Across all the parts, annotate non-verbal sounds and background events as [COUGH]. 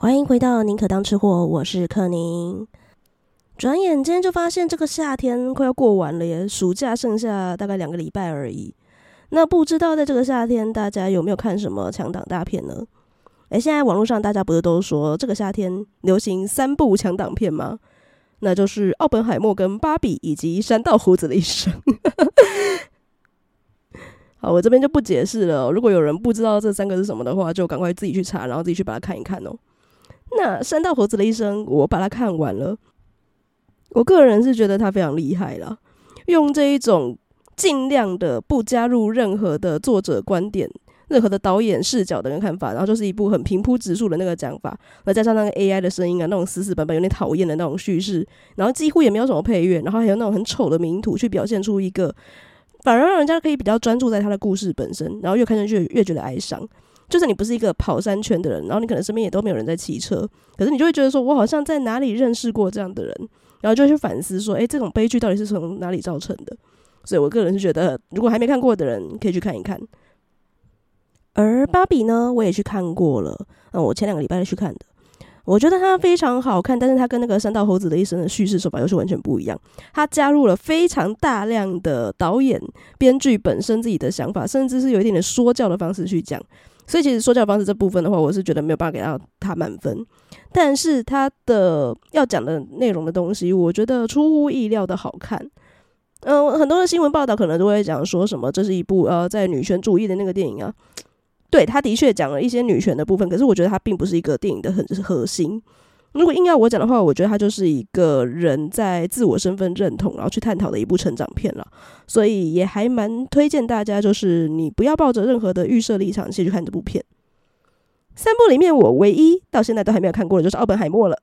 歡迎回到寧可當吃貨，我是柯寧。轉眼間就發現這個夏天快要過完了耶，暑假剩下大概兩個禮拜而已。那不知道在這個夏天大家有沒有看什麼強檔大片呢？哎、欸，現在網絡上大家不是都說這個夏天流行三部強檔片嗎？那就是《奧本海默》、跟《芭比》以及《山道猴子的一生。》 [LAUGHS] 好，我這邊就不解釋了。如果有人不知道這三個是什麼的話，就趕快自己去查，然後自己去把它看一看哦、喔。那山道猴子的一生，我把它看完了。我個人是覺得他非常厲害啦，用這一種儘量的不加入任何的作者觀點、任何的導演視角的一看法，然後就是一部很平鋪直述的那個講法，再加上那個 AI 的聲音啊，那種死死板板、有點討厭的那種敘事，然後幾乎也沒有什麼配樂，然後還有那種很醜的名圖去表現出一個，反而讓人家可以比較專注在他的故事本身，然後越看下去越越覺得哀傷。就算你不是一個跑山圈的人，然後你可能身邊也都沒有人在騎車，可是你就會覺得說，我好像在哪裡認識過這樣的人，然後就會去反思說，哎、欸，這種悲劇到底是從哪裡造成的？所以，我個人是覺得，如果還沒看過的人，可以去看一看。而《芭比》呢，我也去看過了，嗯，我前兩個禮拜去看的，我覺得他非常好看，但是他跟那個《三道猴子的一生》的敘事手法又是完全不一樣，他加入了非常大量的導演、編劇本身自己的想法，甚至是有一點點說教的方式去講。所以其實說教方式這部分的話，我是覺得沒有辦法給到他滿分。但是他的要講的內容的東西，我覺得出乎意料的好看。嗯，很多的新聞報道可能都會講說什麼這是一部呃在女權主義的那個電影啊。對，他的確講了一些女權的部分，可是我覺得它並不是一個電影的很核心。如果硬要我講的話，我覺得他就是一個人在自我身份認同，然後去探討的一部成長片了，所以也還蠻推薦大家，就是你不要抱着任何的預設立場先去，去看這部片。三部裡面，我唯一到現在都還沒有看過的就是《奧本海默》了。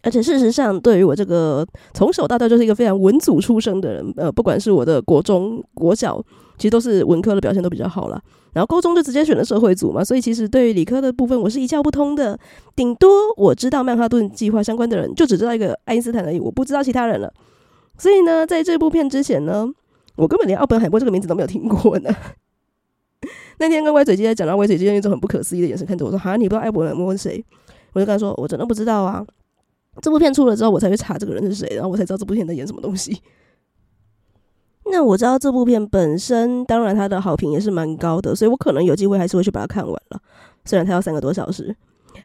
而且事實上，對於我這個從小到大就是一個非常文組出生的人，呃，不管是我的國中國小。其實都是文科的表現都比較好了，然後高中就直接選了社會組嘛，所以其實對於理科的部分我是一竅不通的，頂多我知道曼哈頓計劃相關的人就只知道一個愛因斯坦而已，我不知道其他人了。所以呢，在這部片之前呢，我根本連奧本海默這個名字都沒有聽過呢。 [LAUGHS] 那天跟歪嘴姐姐講到，歪嘴姐用一種很不可思議的眼神看着我說：“哈，你不知道奧本海默是誰？”我就跟他說：“我真的不知道啊。”這部片出了之後，我才去查這個人是誰，然後我才知道這部片在演什麼東西。那我知道這部片本身，當然它的好評也是蠻高的，所以我可能有機會還是會去把它看完了，雖然它要三個多小時。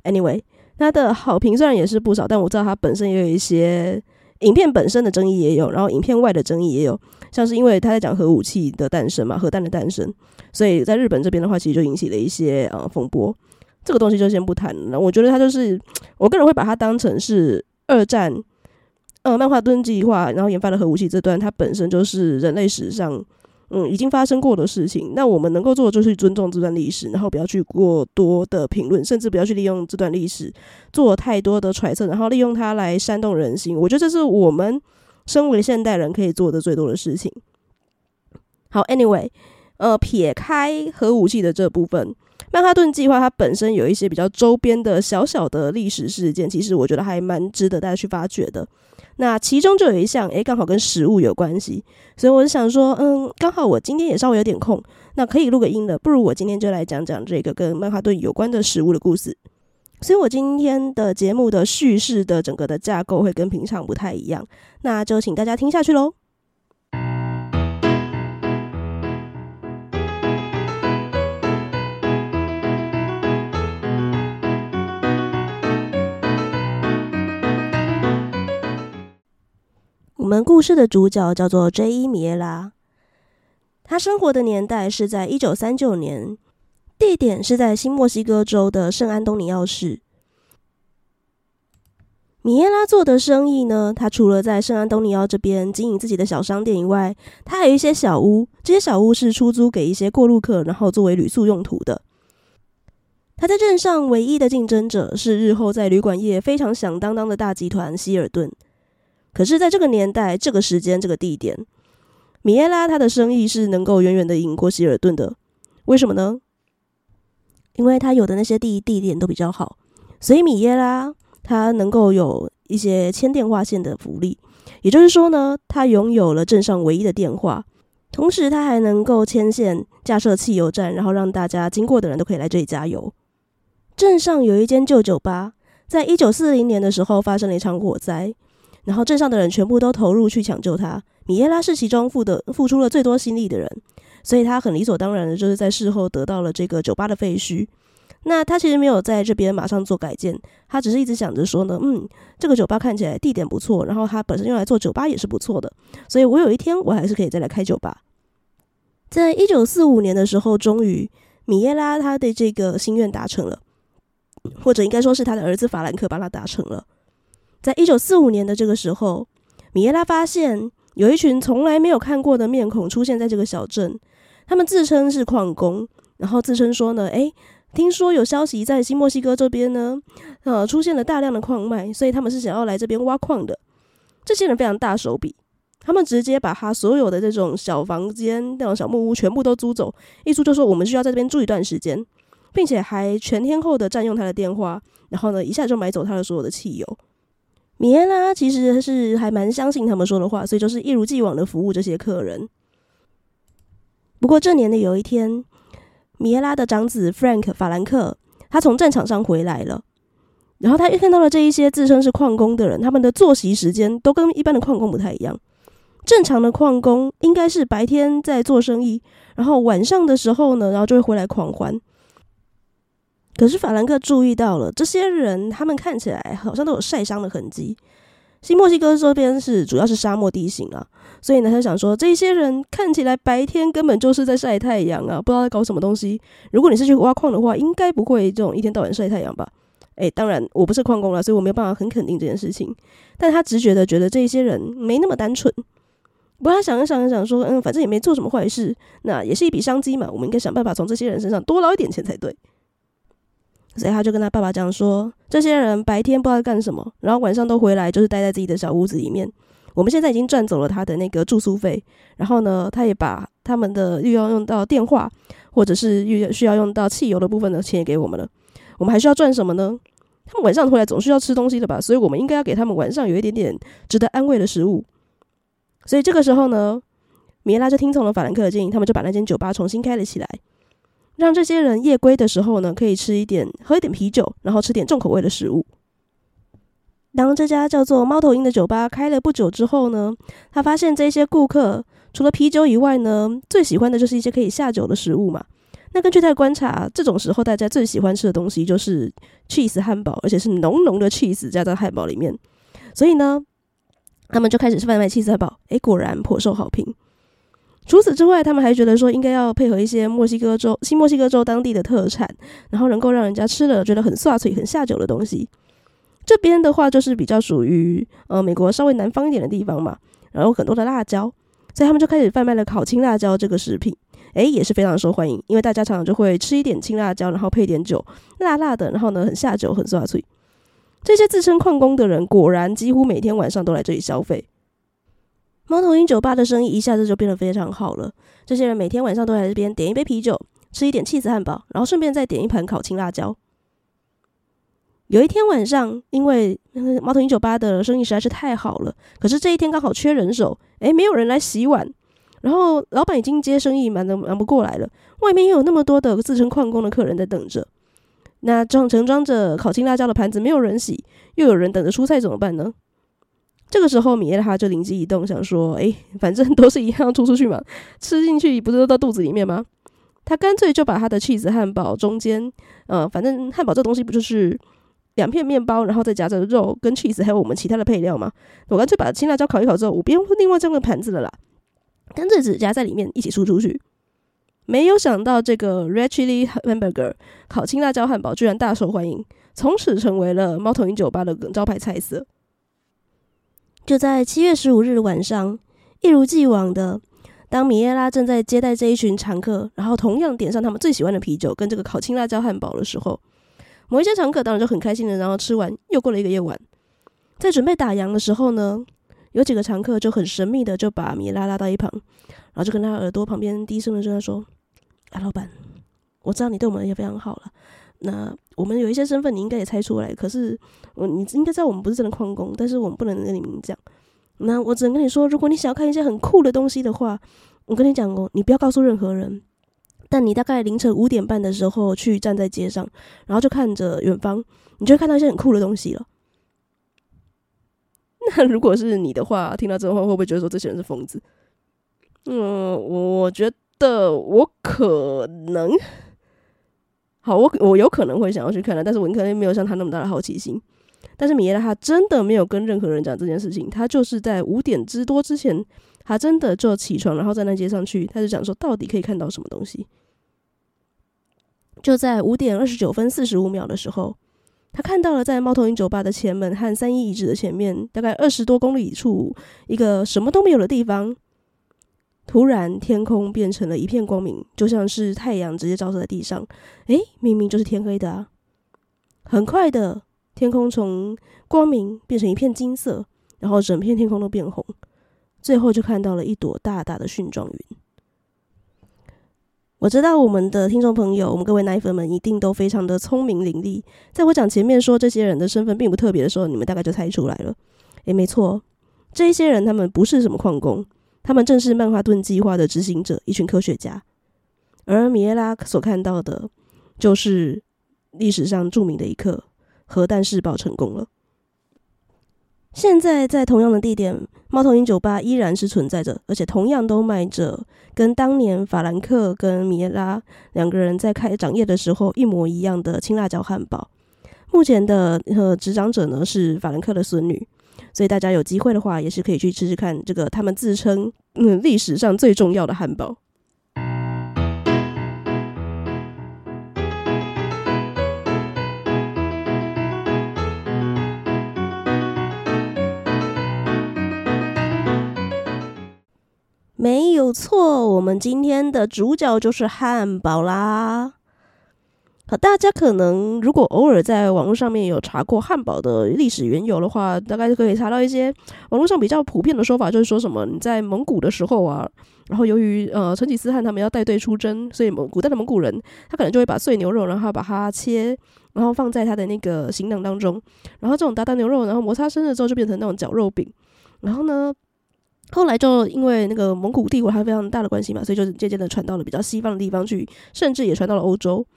Anyway，它的好評雖然也是不少，但我知道它本身也有一些影片本身的爭議也有，然後影片外的爭議也有，像是因為他在講核武器的誕生嘛，核彈的誕生，所以在日本這邊的話，其實就引起了一些呃風波。這個東西就先不談了，我覺得它就是我個人會把它當成是二戰。呃，曼哈頓計劃，然後研發的核武器這段，它本身就是人類史上，嗯，已經發生過的事情。那我們能夠做的就是尊重這段歷史，然後不要去過多的評論，甚至不要去利用這段歷史做太多的揣測，然後利用它來煽動人心。我覺得這是我們身為現代人可以做的最多的事情。好，anyway，呃，撇開核武器的這部分，曼哈頓計劃它本身有一些比較周邊的小小的歷史事件，其實我覺得還蠻值得大家去發掘的。那其中就有一項，誒、欸、剛好跟食物有關係，所以我就想說，嗯，剛好我今天也稍微有點空，那可以錄個音的，不如我今天就來講講這個跟曼哈頓有關的食物的故事。所以我今天的節目的敘事的整個的架構會跟平常不太一樣，那就請大家聽下去嘍。我們故事的主角叫做 J· 伊米耶拉，他生活的年代是在一九三九年，地點是在新墨西哥州的聖安東尼奧市。米耶拉做的生意呢，他除了在聖安東尼奧這邊經營自己的小商店以外，他還有一些小屋，這些小屋是出租給一些過路客，然後作為旅宿用途的。他在鎮上唯一的競爭者是日後在旅館業非常響噹噹的大集團希爾頓。可是，在這個年代、這個時間、這個地點，米耶拉他的生意是能夠遠遠的贏過希爾頓的。為什麼呢？因為他有的那些地地點都比較好，所以米耶拉他能夠有一些牽電話線的福利，也就是說呢，他擁有了鎮上唯一的電話，同時他還能夠牽線架設汽油站，然後讓大家經過的人都可以來這裡加油。鎮上有一間舊酒吧，在一九四零年的時候發生了一場火災。然後鎮上的人全部都投入去搶救他，米耶拉是其中付的付出了最多心力的人，所以他很理所當然的就是在事後得到了這個酒吧的廢墟。那他其實沒有在這邊馬上做改建，他只是一直想着說呢，嗯，這個酒吧看起來地點不錯，然後他本身用來做酒吧也是不錯的，所以我有一天我還是可以再來開酒吧。在一九四五年的時候，終於米耶拉他的這個心願達成了，或者應該說是他的兒子法蘭克幫他達成了。在一九四五年的這個時候，米耶拉發現有一群從來沒有看過的面孔出現在這個小鎮。他們自稱是礦工，然後自稱說呢，誒，聽說有消息在新墨西哥這邊呢，呃，出現了大量的礦脈，所以他們是想要來這邊挖礦的。這些人非常大手筆，他們直接把他所有的這種小房間、那種小木屋全部都租走，一租就說我們需要在這邊住一段時間，並且還全天候的占用他的電話，然後呢，一下就買走他的所有的汽油。米耶拉其實是還蠻相信他們說的話，所以就是一如既往的服務這些客人。不過這年的有一天，米耶拉的長子 Frank 法蘭克，他從戰場上回來了，然後他又看到了這一些自稱是礦工的人，他們的作息時間都跟一般的礦工不太一樣。正常的礦工應該是白天在做生意，然後晚上的時候呢，然後就會回來狂歡。可是法蘭克注意到了這些人，他們看起來好像都有曬傷的痕跡。新墨西哥這邊是主要是沙漠地形啊，所以呢，他想說，這些人看起來白天根本就是在曬太陽啊，不知道在搞什麼東西。如果你是去挖礦的話，應該不會這種一天到晚曬太陽吧？誒、欸，當然我不是礦工了，所以我沒有辦法很肯定這件事情。但他直覺的覺得這些人沒那麼單純。不過他想一想一想，說，嗯，反正也沒做什麼壞事，那也是一筆商機嘛，我們應該想辦法從這些人身上多撈一點錢才對。所以他就跟他爸爸講說，這些人白天不知道幹什麼，然後晚上都回來，就是待在自己的小屋子裡面。我們現在已經賺走了他的那個住宿費，然後呢，他也把他們的又要用到電話或者是需要需要用到汽油的部分的錢給我們了。我們還需要賺什麼呢？他們晚上回來總是要吃東西的吧，所以我們應該要給他們晚上有一點點值得安慰的食物。所以這個時候呢，米拉就聽從了法蘭克的建議，他們就把那間酒吧重新開了起來。讓這些人夜歸的時候呢，可以吃一點、喝一點啤酒，然後吃點重口味的食物。當這家叫做貓頭鷹的酒吧開了不久之後呢，他發現這些顧客除了啤酒以外呢，最喜歡的就是一些可以下酒的食物嘛。那根據他的觀察，這種時候大家最喜歡吃的東西就是 cheese 漢堡，而且是濃濃的 cheese 加在漢堡裡面。所以呢，他們就開始販賣 cheese 漢堡，誒，果然頗受好評。除此之外，他們還覺得說應該要配合一些墨西哥州、新墨西哥州當地的特產，然後能夠讓人家吃了覺得很酥脆、很下酒的東西。這邊的話就是比較屬於呃美國稍微南方一點的地方嘛，然後很多的辣椒，所以他們就開始販賣了烤青辣椒這個食品，哎也是非常受歡迎，因為大家常常就會吃一點青辣椒，然後配點酒，辣辣的，然後呢很下酒、很酥脆。這些自稱礦工的人果然幾乎每天晚上都來這裡消費。貓頭鷹酒吧的生意一下子就變得非常好了。這些人每天晚上都來這邊點一杯啤酒，吃一點起司漢堡，然後順便再點一盤烤青辣椒。有一天晚上，因為、嗯、貓頭鷹酒吧的生意實在是太好了，可是這一天剛好缺人手，哎，沒有人來洗碗，然後老板已經接生意忙得忙不過來了，外面又有那麼多的自稱礦工的客人在等着。那裝盛裝着烤青辣椒的盤子沒有人洗，又有人等着出菜，怎麼辦呢？這個時候，米勒哈就靈機一動，想說：“哎，反正都是一樣，出出去嘛，吃進去不是都到肚子裡面嗎？他乾脆就把他的 cheese 漢堡中間，呃，反正漢堡這東西不就是兩片麵包，然後再夾着肉跟 cheese，還有我們其他的配料嗎？我乾脆把青辣椒烤一烤之後，我不用另外裝個盤子了啦，乾脆只夾在裡面一起輸出去。沒有想到這個 Red Chili Hamburger 烤青辣椒漢堡居然大受歡迎，從此成為了貓頭鷹酒吧的招牌菜色。”就在七月十五日晚上，一如既往的，當米耶拉正在接待這一群常客，然後同樣點上他們最喜歡的啤酒跟這個烤青辣椒漢堡的時候，某一些常客當然就很開心的，然後吃完，又過了一個夜晚，在準備打烊的時候呢，有幾個常客就很神秘的就把米耶拉拉到一旁，然後就跟他耳朵旁邊低聲的就在說：“啊，老闆，我知道你對我們也非常好了，那……”我們有一些身份，你應該也猜出來。可是，你應該知道我們不是真的礦工，但是我們不能跟你明講。那我只能跟你說，如果你想要看一些很酷的東西的話，我跟你講哦，喔，你不要告訴任何人。但你大概凌晨五點半的時候去站在街上，然後就看着遠方，你就會看到一些很酷的東西了。那如果是你的話，聽到這話會不會覺得說這些人是瘋子？嗯，我覺得我可能。好，我我有可能會想要去看了，但是我可能沒有像他那麼大的好奇心。但是米耶拉真的沒有跟任何人講這件事情，他就是在五點之多之前，他真的就起床，然後在那街上去，他就講說到底可以看到什麼東西。就在五點二十九分四十五秒的時候，他看到了在貓頭鷹酒吧的前門和三一遺址的前面，大概二十多公里處一個什麼都沒有的地方。突然，天空變成了一片光明，就像是太陽直接照射在地上。誒，明明就是天黑的啊！很快的，天空從光明變成一片金色，然後整片天空都變紅，最後就看到了一朵大大的蕈狀雲。我知道我們的聽眾朋友，我們各位奶粉們一定都非常的聰明伶俐。在我講前面說這些人的身份並不特別的時候，你們大概就猜出來了。誒，沒錯，這一些人他們不是什麼礦工。他們正是曼哈頓計劃的執行者，一群科學家。而米耶拉所看到的，就是歷史上著名的一刻——核彈試爆成功了。現在在同樣的地點，貓頭鷹酒吧依然是存在着，而且同樣都賣着跟當年法蘭克跟米耶拉兩個人在開長業的時候一模一樣的青辣椒漢堡。目前的呃執掌者呢是法蘭克的孫女。所以大家有機會的話，也是可以去吃吃看這個他們自稱，嗯，歷史上最重要的漢堡。沒有錯，我們今天的主角就是漢堡啦。好，大家可能如果偶爾在網絡上面有查過漢堡的歷史緣由的話，大概就可以查到一些網絡上比較普遍的說法，就是說什麼你在蒙古的時候啊，然後由於呃成吉思汗他們要帶隊出征，所以蒙古代的蒙古人他可能就會把碎牛肉，然後把它切，然後放在他的那個行囊當中，然後這種打打牛肉，然後摩擦生熱之後就變成那種絞肉餅，然後呢，後來就因為那個蒙古帝國它非常大的關係嘛，所以就漸漸的傳到了比較西方的地方去，甚至也傳到了歐洲。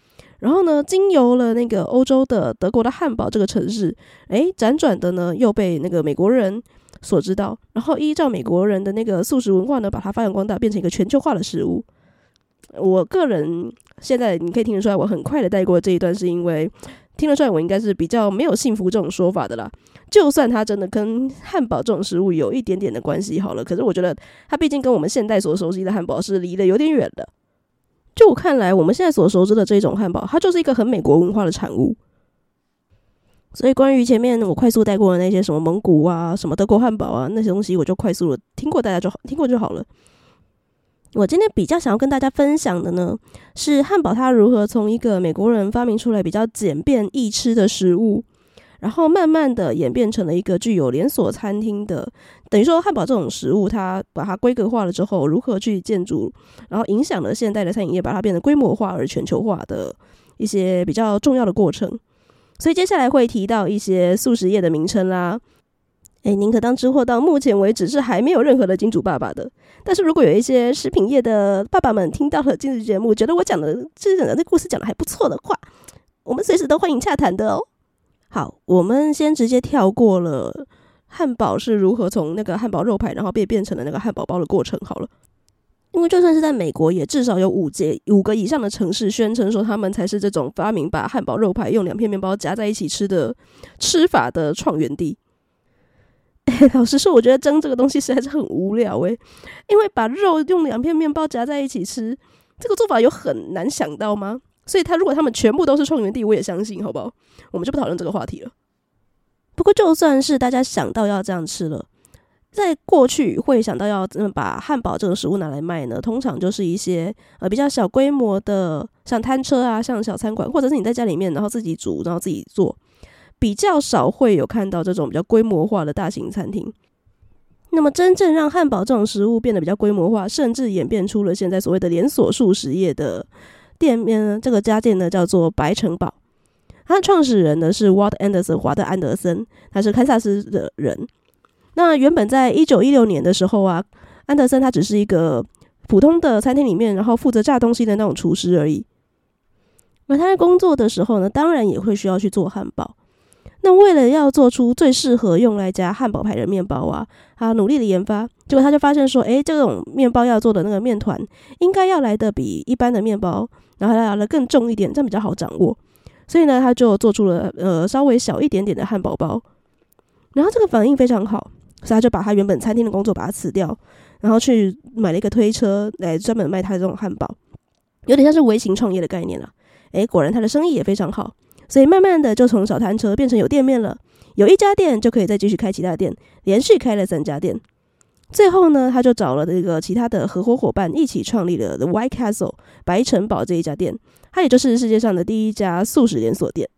然後呢，經由了那個歐洲的德國的漢堡這個城市，哎，輾轉的呢又被那個美國人所知道。然後依照美國人的那個速食文化呢，把它發揚光大，變成一個全球化的食物。我個人現在你可以聽得出來，我很快的帶過的這一段，是因為聽得出來我應該是比較沒有信服這種說法的啦。就算它真的跟漢堡這種食物有一點點的關係好了，可是我覺得它畢竟跟我們現代所熟悉的漢堡是離得有點遠的。就我看來，我們現在所熟知的這種漢堡，它就是一個很美國文化的產物。所以，關於前面我快速帶過的那些什麼蒙古啊、什麼德國漢堡啊那些東西，我就快速的聽過，大家就好，聽過就好了。我今天比較想要跟大家分享的呢，是漢堡它如何從一個美國人發明出來、比較簡便易吃的食物。然後慢慢的演變成了一個具有連鎖餐廳的，等於說漢堡這種食物，它把它規格化了之後，如何去建築，然後影響了現代的餐飲業，把它變得規模化而全球化的一些比較重要的過程。所以接下來會提到一些速食業的名稱啦。哎，寧可當吃貨，到目前為止是還沒有任何的金主爸爸的。但是如果有一些食品業的爸爸們聽到了今日節目，覺得我講的，這講的這故事講的還不錯的話，我們隨時都歡迎洽談的哦。好，我們先直接跳過了漢堡是如何從那個漢堡肉排，然後被變成了那個漢堡包的過程好了。因為就算是在美國，也至少有五節五個以上的城市宣稱說他們才是這種發明把漢堡肉排用兩片麵包夾在一起吃的吃法的創源地。哎，老實說，我覺得爭這個東西實在是很無聊誒，因為把肉用兩片麵包夾在一起吃，這個做法有很難想到嗎？所以，他如果他們全部都是創源地，我也相信，好不好？我們就不討論這個話題了。不過，就算是大家想到要這樣吃了，在過去會想到要把漢堡這個食物拿來賣呢，通常就是一些呃比較小規模的，像攤車啊，像小餐館，或者是你在家裡面然後自己煮，然後自己做，比較少會有看到這種比較規模化的大型餐廳。那麼，真正讓漢堡這種食物變得比較規模化，甚至演變出了現在所謂的連鎖速食業的，店面呢，這個家店呢叫做白城堡，它的創始人呢是沃特·安德森，華特·安德森他是堪薩斯的人。那原本在一九一六年的時候啊，安德森他只是一個普通的餐廳裡面，然後負責炸東西的那種廚師而已。那他在工作的時候呢，當然也會需要去做漢堡。那為了要做出最適合用來夾漢堡排的麵包啊，他努力的研發，結果他就發現說，哎，這種麵包要做的那個麵糰應該要來的比一般的麵包，然後還要來的更重一點，這樣比較好掌握。所以呢，他就做出了呃稍微小一點點的漢堡包，然後這個反應非常好，所以他就把他原本餐廳的工作把它辭掉，然後去買了一個推車來專門賣他的這種漢堡，有點像是微型創業的概念了。哎，果然他的生意也非常好。所以慢慢的就從小攤車變成有店面了，有一家店就可以再繼續開其他店，連續開了三家店，最後呢，他就找了這個其他的合作夥伴一起創立了 The White Castle 白城堡，這一家店，它也就是世界上的第一家速食連鎖店。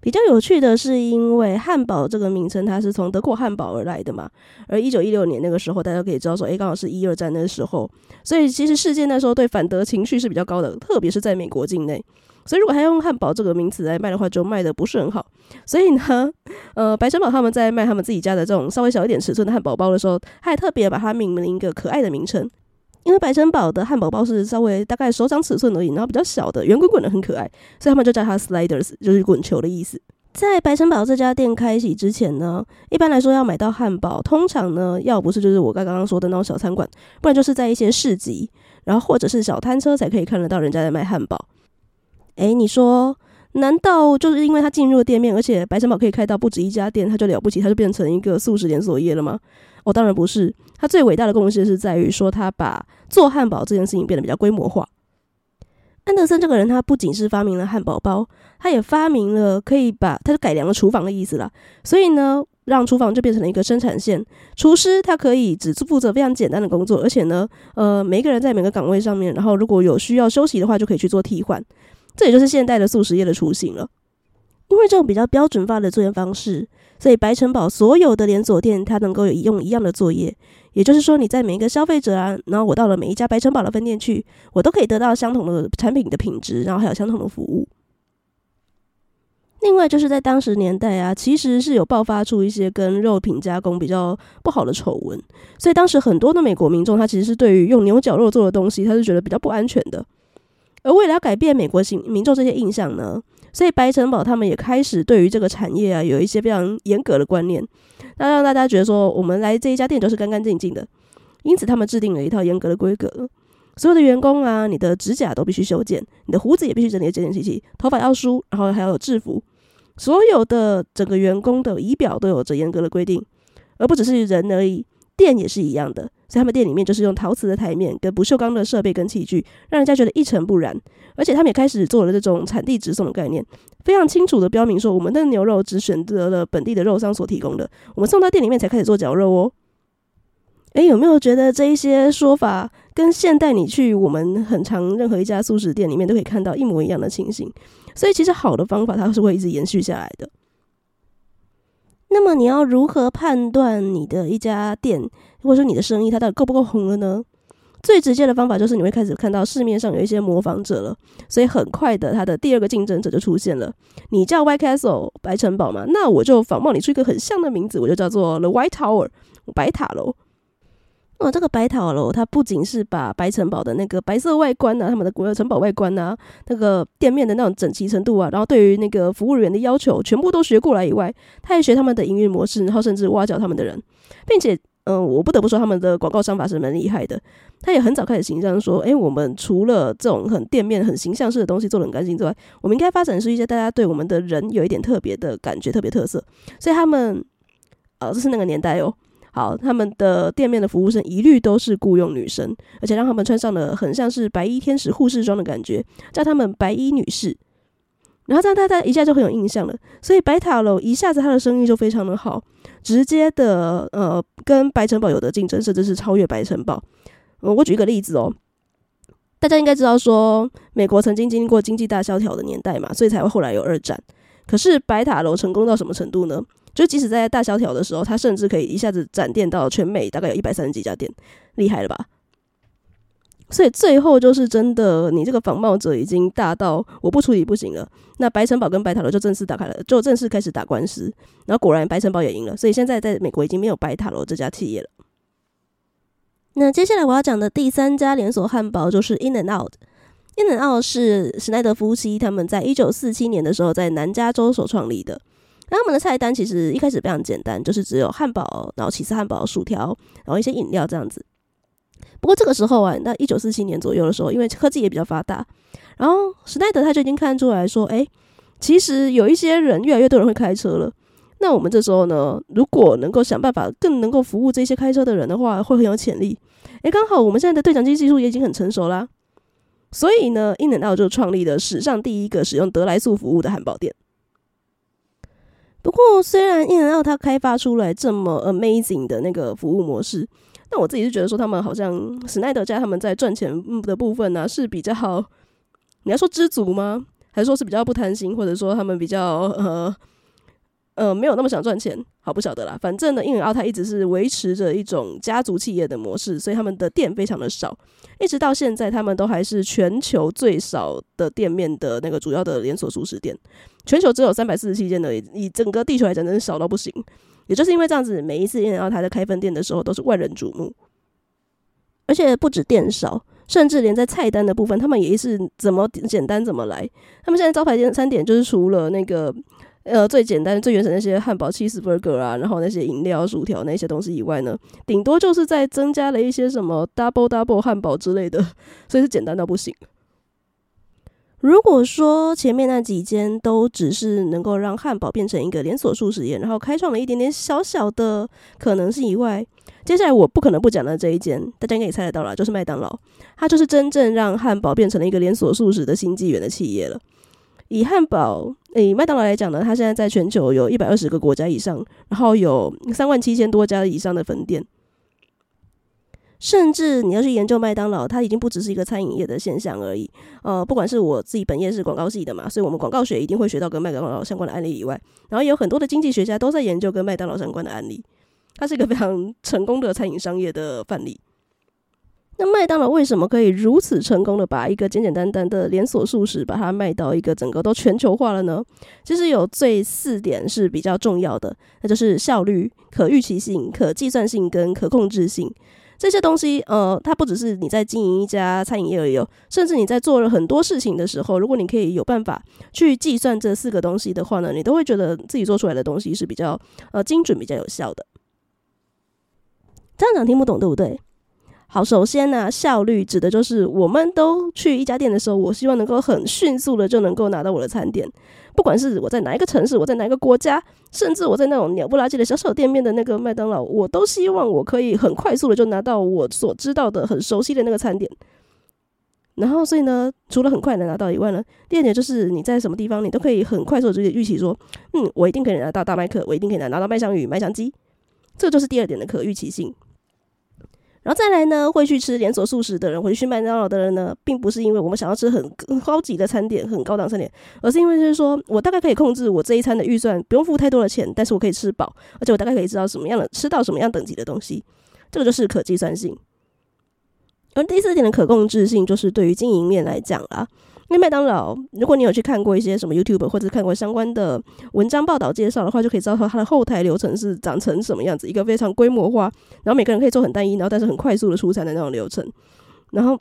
比較有趣的是，因為漢堡這個名稱它是從德國漢堡而來的嘛。而一九一六年那個時候，大家可以知道說，哎，剛好是一二戰那個時候，所以其實世界那時候對反德情緒是比較高的，特別是在美國境內。所以如果他用漢堡這個名詞來賣的話，就賣得不是很好。所以呢，呃，白城堡他們在賣他們自己家的這種稍微小一點尺寸的漢堡包的時候，還特別把它命名了一個可愛的名稱。因為白城堡的漢堡包是稍微大概手掌尺寸而已，然後比較小的，圓滾滾的很可愛，所以他們就叫它 sliders，就是滾球的意思。在白城堡這家店開啟之前呢，一般來說要買到漢堡，通常呢要不是就是我剛剛剛說的那種小餐館，不然就是在一些市集，然後或者是小攤車才可以看得到人家在賣漢堡。哎，你說難道就是因為他進入了店面，而且白城堡可以開到不止一家店，他就了不起，他就變成一個速食連鎖業了嗎？哦，當然不是。他最偉大的貢獻是在於說，他把做漢堡這件事情變得比較規模化。安德森這個人，他不僅是發明了漢堡包，他也發明了可以把他就改良了廚房的意思啦。所以呢，讓廚房就變成了一個生產線，廚師他可以只負責非常簡單的工作，而且呢，呃，每一個人在每個崗位上面，然後如果有需要休息的話，就可以去做替換。這也就是現代的速食業的雛形了。因為這種比較標準化的作業方式，所以白城堡所有的連鎖店，它能夠有用一樣的作業。也就是說，你在每一個消費者啊，然後我到了每一家白城堡的分店去，我都可以得到相同的產品的品質，然後還有相同的服務。另外，就是在當時年代啊，其實是有爆發出一些跟肉品加工比較不好的醜聞，所以當時很多的美國民眾他其實是對於用牛絞肉做的東西，他是覺得比較不安全的。而為了要改變美國民民眾這些印象呢，所以白城堡他們也開始對於這個產業啊，有一些非常嚴格的觀念。那讓大家覺得說，我們來這一家店都是乾乾淨淨的，因此他們制定了一套嚴格的規格，所有的員工啊，你的指甲都必須修剪，你的鬍子也必須整理整整齊齊，頭髮要梳，然後還要有制服，所有的整個員工的儀表都有着嚴格的規定，而不只是人而已，店也是一樣的。在他們店裡面就是用陶瓷的台面，跟不鏽鋼的設備跟器具，讓人家覺得一塵不染。而且他們也開始做了這種產地直送的概念，非常清楚的標明說，我們的牛肉只選擇了本地的肉商所提供的，我們送到店裡面才開始做絞肉哦。誒，有沒有覺得這一些說法跟現代你去我們很常任何一家速食店裡面都可以看到一模一樣的情形？所以其實好的方法它是會一直延續下來的。那麼你要如何判斷你的一家店，或者說你的生意，它到底夠不夠紅了呢？最直接的方法就是你會開始看到市面上有一些模仿者了，所以很快的，它的第二個競爭者就出現了。你叫 White Castle 白城堡嘛，那我就仿冒你出一個很像的名字，我就叫做 The White Tower 白塔樓。哦，這個白塔樓，它不僅是把白城堡的那個白色外觀啊，他們的古堡城堡外觀啊，那個店面的那種整齊程度啊，然後對於那個服務員的要求，全部都學過來以外，他也學他們的營運模式，然後甚至挖角他們的人，並且，嗯，我不得不說他們的廣告商法是蠻厲害的。他也很早開始形象說，哎，我們除了這種很店面很形象式的東西做的很乾淨之外，我們應該發展是一些大家對我們的人有一點特別的感覺，特別特色。所以他們，呃、哦，這是那個年代哦。好，他們的店面的服務生一律都是僱用女生，而且讓他們穿上了很像是白衣天使護士裝的感覺，叫他們白衣女士，然後這樣大家一下就很有印象了。所以白塔樓一下子他的生意就非常的好，直接的呃跟白城堡有得競爭，甚至是超越白城堡。呃，我舉一個例子哦，大家應該知道說美國曾經經歷過經濟大蕭條的年代嘛，所以才會後來有二戰。可是白塔樓成功到什麼程度呢？就即使在大蕭條的時候，它甚至可以一下子展店到全美，大概有一百三十幾家店，厲害了吧？所以最後就是真的，你這個仿冒者已經大到我不處理不行了。那白城堡跟白塔樓就正式打開了，就正式開始打官司。然後果然白城堡也贏了，所以現在在美國已經沒有白塔樓這家企業了。那接下來我要講的第三家連鎖漢堡就是 In-N-Out。In-N-Out 是史奈德夫妻他們在一九四七年的時候在南加州所創立的。那我們的菜單其實一開始非常簡單，就是只有漢堡，然後起司漢堡、薯條，然後一些飲料這樣子。不過這個時候啊，到一九四七年左右的時候，因為科技也比較發達，然後史奈德他就已經看出來說，哎、欸，其實有一些人，越來越多人會開車了。那我們這時候呢，如果能夠想辦法更能夠服務這些開車的人的話，會很有潛力。哎、欸，剛好我們現在的對講機技術也已經很成熟啦，所以呢，In-N-Out 就創立了史上第一個使用得來速服務的漢堡店。不過，雖然 In-N-Out 他開發出來這麼 amazing 的那個服務模式，但我自己是覺得說他們好像史奈德家，他們在賺錢的部分呢、啊、是比較，你要說知足嗎？還是說是比較不貪心，或者說他們比較呃？呃，沒有那麼想賺錢，好不曉得啦。反正呢，In-N-Out 一直是維持着一種家族企業的模式，所以他們的店非常的少，一直到現在，他們都還是全球最少的店面的那個主要的連鎖速食店，全球只有三百四十七間的，以整個地球來講，真的是少到不行。也就是因為這樣子，每一次 In-N-Out 在開分店的時候，都是萬人矚目。而且不止店少，甚至連在菜單的部分，他們也是怎麼簡單怎麼來。他們現在招牌餐點就是除了那個。呃，最簡單、最原始那些漢堡、cheeseburger 啊，然後那些飲料、薯條那些東西以外呢，頂多就是再增加了一些什麼 double double 漢堡之類的，所以是簡單到不行。如果說前面那幾間都只是能夠讓漢堡變成一個連鎖速食店，然後開創了一點點小小的可能性以外，接下來我不可能不講的這一間，大家應該也猜得到了，就是麥當勞，它就是真正讓漢堡變成了一個連鎖速食的新紀元的企業了。以漢堡，以麥當勞來講呢，它現在在全球有一百二十個國家以上，然後有三萬七千多家以上的分店。甚至你要去研究麥當勞，它已經不只是一個餐飲業的現象而已。呃，不管是我自己本業是廣告系的嘛，所以我們廣告學一定會學到跟麥當勞相關的案例以外，然後有很多的經濟學家都在研究跟麥當勞相關的案例。它是一個非常成功的餐飲商業的範例。那麥當勞為什麼可以如此成功的把一個簡簡單單的連鎖速食把它賣到一個整個都全球化了呢？其實有這四點是比較重要的，那就是效率、可預期性、可計算性跟可控制性。這些東西，呃，它不只是你在經營一家餐飲業而已哦，甚至你在做了很多事情的時候，如果你可以有辦法去計算這四個東西的話呢，你都會覺得自己做出來的東西是比較呃精準、比較有效的。這樣講，聽不懂對不對？好，首先呢、啊，效率指的就是我們都去一家店的時候，我希望能夠很迅速的就能夠拿到我的餐點，不管是我在哪一個城市，我在哪一個國家，甚至我在那種鳥不拉嘰的小小店面的那個麥當勞，我都希望我可以很快速的就拿到我所知道的很熟悉的那個餐點。然後，所以呢，除了很快能拿到以外呢，第二點就是你在什麼地方，你都可以很快速的直接預期說，嗯，我一定可以拿到大麥克，我一定可以拿拿到麥香魚、麥香雞，這就是第二點的可預期性。然後再來呢，會去吃連鎖速食的人，會去麥當勞，勞的人呢，並不是因為我們想要吃很高級的餐點、很高檔餐點，而是因為就是說我大概可以控制我這一餐的預算，不用付太多的錢，但是我可以吃飽，而且我大概可以知道什麼樣的吃到什麼樣等級的東西，這個就是可計算性。而第四點的可控制性，就是對於經營面來講啦、啊。因為麥當勞，如果你有去看過一些什麼 YouTube 或者看過相關的文章報道介紹的話，就可以知道它的後台流程是長成什麼樣子，一個非常規模化，然後每個人可以做很單一，然後但是很快速的出餐的那種流程。然後，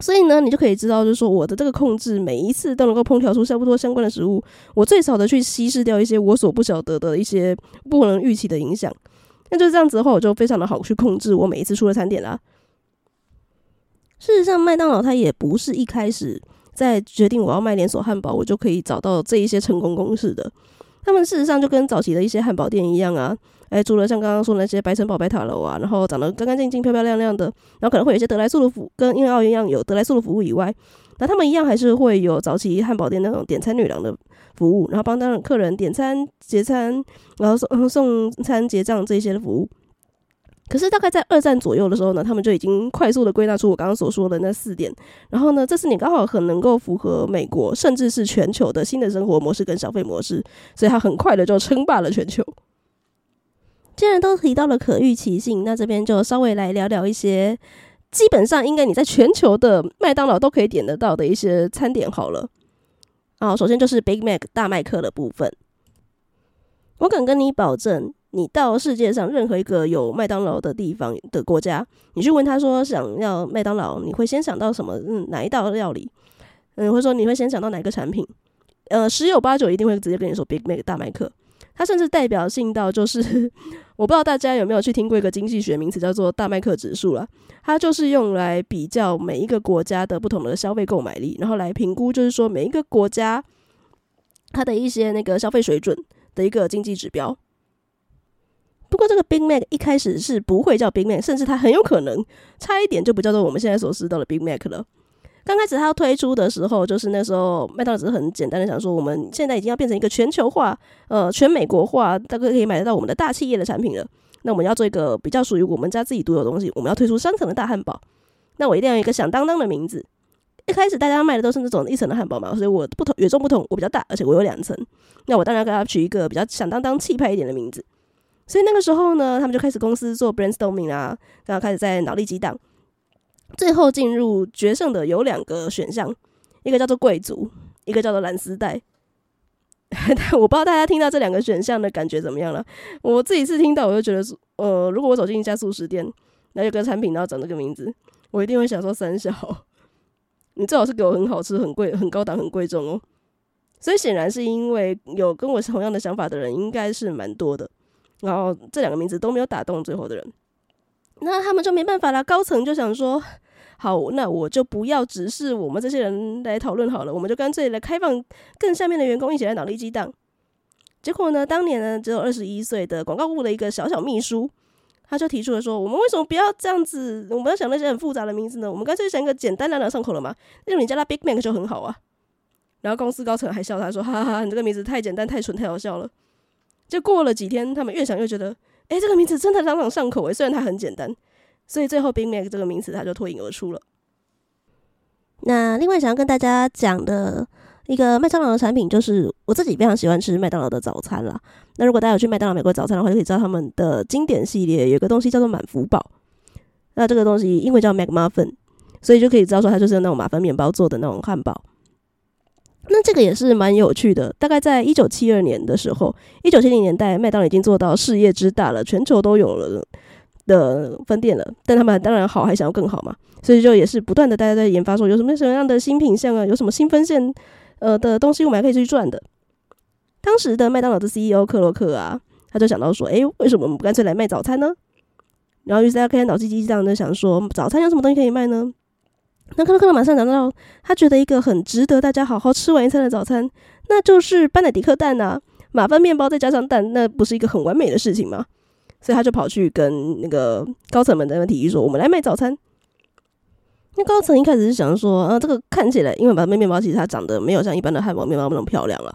所以呢，你就可以知道，就是說我的這個控制，每一次都能夠烹調出差不多相關的食物，我最少的去稀釋掉一些我所不曉得的一些不能預期的影響。那就是這樣子的話，我就非常的好去控制我每一次出的餐點啦。事實上，麥當勞它也不是一開始。在決定我要賣連鎖漢堡，我就可以找到這一些成功公式的。他們事實上就跟早期的一些漢堡店一樣啊，哎、欸，除了像剛剛說的那些白城堡、白塔樓啊，然後長得乾乾淨淨、漂漂亮亮的，然後可能會有一些得來速的服務，跟 In-N-Out 一樣有得來速的服務以外，那他們一樣還是會有早期漢堡店那種點餐女郎的服務，然後幫當客人點餐、結餐，然後送送餐、結賬這些的服務。可是大概在二戰左右的時候呢，他們就已經快速的歸納出我剛剛所說的那四點，然後呢，這四點剛好很能夠符合美國甚至是全球的新的生活模式跟消費模式，所以他很快的就稱霸了全球。既然都提到了可預期性，那這邊就稍微來聊聊一些，基本上應該你在全球的麥當勞都可以點得到的一些餐點好了。哦，首先就是 Big Mac 大麥克的部分，我敢跟你保證。你到世界上任何一個有麥當勞的地方的國家，你去問他說想要麥當勞，你會先想到什麼？嗯，哪一道料理？嗯，或者說你會先想到哪個產品？呃，十有八九一定會直接跟你說 “Big Mac” 大麥克。他甚至代表性到就是，我不知道大家有沒有去聽過一個經濟學名詞叫做“大麥克指數”了。它就是用來比較每一個國家的不同的消費購買力，然後來評估就是說每一個國家它的一些那個消費水準的一個經濟指標。不過，這個 Big Mac 一開始是不會叫 Big Mac，甚至它很有可能差一點就不叫做我們現在所知道的 Big Mac 了。剛開始它要推出的時候，就是那時候，麥當勞只是很簡單的想說，我們現在已經要變成一個全球化、呃，全美國化，大概可以買得到我們的大企業的產品了。那我們要做一個比較屬於我們家自己獨有的東西，我們要推出三層的大漢堡。那我一定要一個響噹噹的名字。一開始大家賣的都是那種一層的漢堡嘛，所以我不同、與眾不同，我比較大，而且我有兩層。那我當然給他取一個比較響噹噹、氣派一點的名字。所以那個時候呢，他們就開始公司做 brainstorming 啊，然後開始在腦力激盪，最後進入決勝的有兩個選項，一個叫做貴族，一個叫做藍絲帶。 [LAUGHS] 我不知道大家聽到這兩個選項的感覺怎麼樣了。我自己一次聽到，我就覺得，呃，如果我走進一家速食店，那有個產品然後長這個名字，我一定會想說三小， [LAUGHS] 你最好是給我很好吃、很貴、很高檔、很貴重哦。所以顯然是因為有跟我是同樣的想法的人，應該是蠻多的。然後這兩個名字都沒有打動最後的人，那他們就沒辦法了。高層就想說：“好，那我就不要只是我們這些人來討論好了，我們就乾脆來開放更下面的員工一起來腦力激盪。”結果呢，當年呢，只有二十一歲的廣告部的一個小小秘書，他就提出了說：“我們為什麼不要這樣子？我們要想那些很複雜的名字呢？我們乾脆想一個簡單、朗朗上口的嘛，那種你叫他 Big Mac 就很好啊。”然後公司高層還笑他說：“哈哈哈，你這個名字太簡單、太蠢、太好笑了。”就過了幾天，他們越想越覺得，哎、欸，這個名字真的朗朗上口誒。雖然它很簡單，所以最後 “Big Mac” 這個名詞，它就脫穎而出了。那另外想要跟大家講的一個麥當勞的產品，就是我自己非常喜歡吃麥當勞的早餐啦。那如果大家有去麥當勞買過早餐的話，就可以知道他們的經典系列有個東西叫做滿福堡。那這個東西因為叫 “McMuffin”，所以就可以知道說它就是用那種馬芬麵包做的那種漢堡。那這個也是蠻有趣的。大概在一九七二年的時候，一九七零年代，麥當勞已經做到事業之大了，全球都有了的分店了。但他們當然好，還想要更好嘛，所以就也是不斷的大家在研發，說有什麼什麼樣的新品項啊，有什麼新分線呃的東西，我們還可以去賺的。當時的麥當勞的 CEO 克洛克啊，他就想到說，哎、欸，為什麼我們不乾脆來賣早餐呢？然後於是大家開開腦筋急急地想說，早餐有什麼東西可以賣呢？那克羅克勒馬上想到，他覺得一個很值得大家好好吃完一餐的早餐，那就是班乃迪克蛋啊，馬芬面包再加上蛋，那不是一個很完美的事情嗎？所以他就跑去跟那個高層們在那提議說：“我們來賣早餐。”那高層一開始是想說：“啊，這個看起來，因為馬芬面包其實它長得沒有像一般的漢堡面包那麼漂亮了。”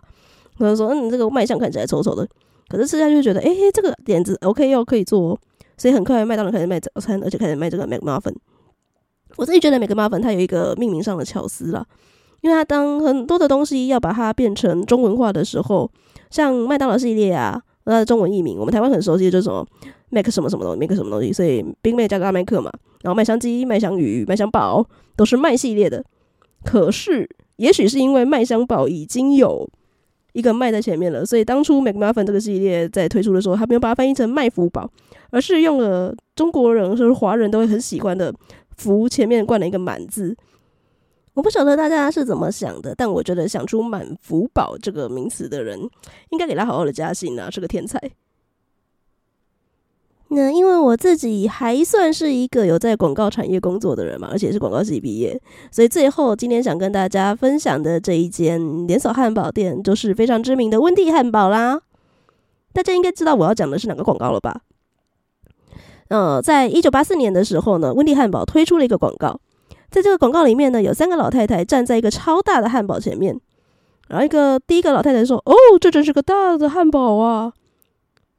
他就說：“嗯，這個賣相看起來醜丑的。”可是吃下去就覺得：“嘿、欸、這個點子 OK 又、哦、可以做、哦。”所以很快麥當勞開始賣早餐，而且開始賣這個麥馬芬。我自己覺得，McMuffin 它有一個命名上的巧思了，因為它當很多的東西要把它變成中文化的時候，像麥當勞系列啊，它的中文譯名，我們台灣很熟悉的就是什麼 Mac 什麼什麼東西，Mac 什麼東西，所以 Big Mac 加個阿麥克嘛，然後麥香雞、麥香魚、麥香堡都是麥系列的。可是，也許是因為麥香堡已經有一個麥在前面了，所以當初 McMuffin 這個系列在推出的時候，它沒有把它翻譯成麥福堡，而是用了中國人或是華人都會很喜歡的。福前面冠了一個滿字，我不曉得大家是怎麼想的，但我覺得想出“滿福堡”這個名詞的人，應該給他好好的加薪啊，是個天才。那因為我自己還算是一個有在廣告產業工作的人嘛，而且是廣告系畢業，所以最後今天想跟大家分享的這一間連鎖漢堡店，就是非常知名的溫蒂漢堡啦。大家應該知道我要講的是哪個廣告了吧？呃，在一九八四年的時候呢，溫蒂漢堡推出了一個廣告，在這個廣告裡面呢，有三個老太太站在一個超大的漢堡前面，然後一個第一個老太太說：“哦，這真是個大的漢堡啊！”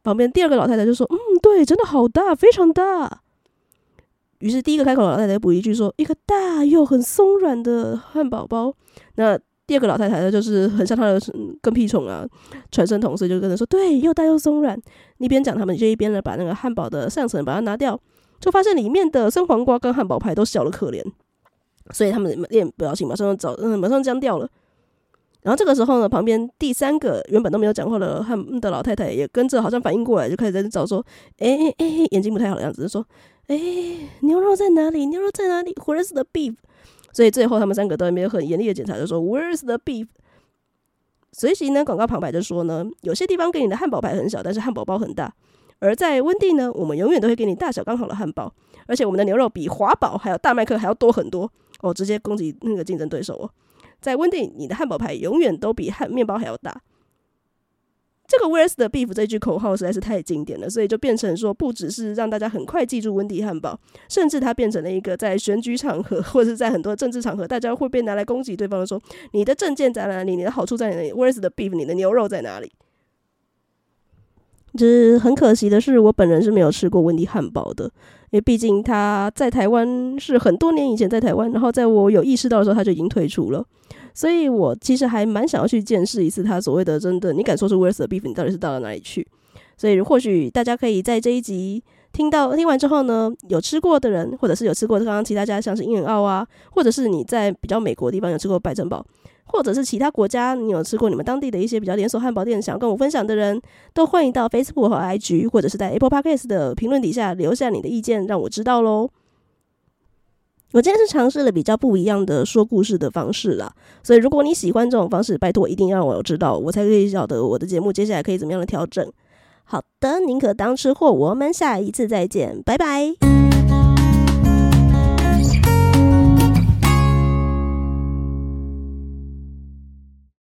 旁邊第二個老太太就說：“嗯，對，真的好大，非常大。”於是第一個開口老太太補一句說：“一個大又很鬆軟的漢堡包。”那。第二個老太太，她就是很像她的跟屁蟲啊，傳聲筒似的就跟她說：“對，又大又鬆軟。”一邊講，他們就一邊的把那個漢堡的上層把它拿掉，就發現裡面的生黃瓜跟漢堡排都小得可憐，所以他們也不要緊馬上就找嗯，馬上僵掉了。然後這個時候呢，旁邊第三個原本都沒有講話的漢的老太太也跟着好像反應過來，就開始在找說：“哎、欸、哎、欸欸，眼睛不太好的樣子就說，哎、欸，牛肉在哪裡？牛肉在哪裡？Where's the beef？” 所以最後，他們三個都在那邊很嚴厲的檢查，就說 Where's the beef？隨即呢，廣告旁白就說呢，有些地方給你的漢堡排很小，但是漢堡包很大。而在溫蒂呢，我們永遠都會給你大小剛好的漢堡，而且我們的牛肉比華堡還有大麥克還要多很多哦，直接攻擊那個競爭對手哦。在溫蒂，你的漢堡排永遠都比漢麵包還要大。這個 Where's the Beef 這句口號實在是太經典了，所以就變成說，不只是讓大家很快記住溫迪漢堡，甚至它變成了一個在選舉場合或者是在很多政治場合，大家會被拿來攻擊對方的說：你的政見在哪裡？你的好處在哪裡？Where's the Beef，你的牛肉在哪裡？就是很可惜的是，我本人是沒有吃過溫蒂漢堡的，因為畢竟他在台灣是很多年以前在台灣，然後在我有意識到的時候，他就已經退出了，所以我其實還蠻想要去見識一次他所謂的“真的”，你敢說是 Where's the beef”？你到底是到了哪裡去？所以或許大家可以在這一集。聽到聽完之後呢，有吃過的人，或者是有吃過剛剛其他家，像是 In-N-Out 啊，或者是你在比較美國的地方有吃過白城堡，或者是其他國家，你有吃過你們當地的一些比較連鎖漢堡店，想跟我分享的人都歡迎到 Facebook 和 IG，或者是在 Apple Podcast 的評論底下留下你的意見，讓我知道嘍。我今天是嘗試了比較不一樣的說故事的方式啦。所以如果你喜歡這種方式，拜托一定要讓我知道，我才可以曉得我的節目接下來可以怎麼樣的調整。好的，寧可當吃貨，我們下一次再見，拜拜。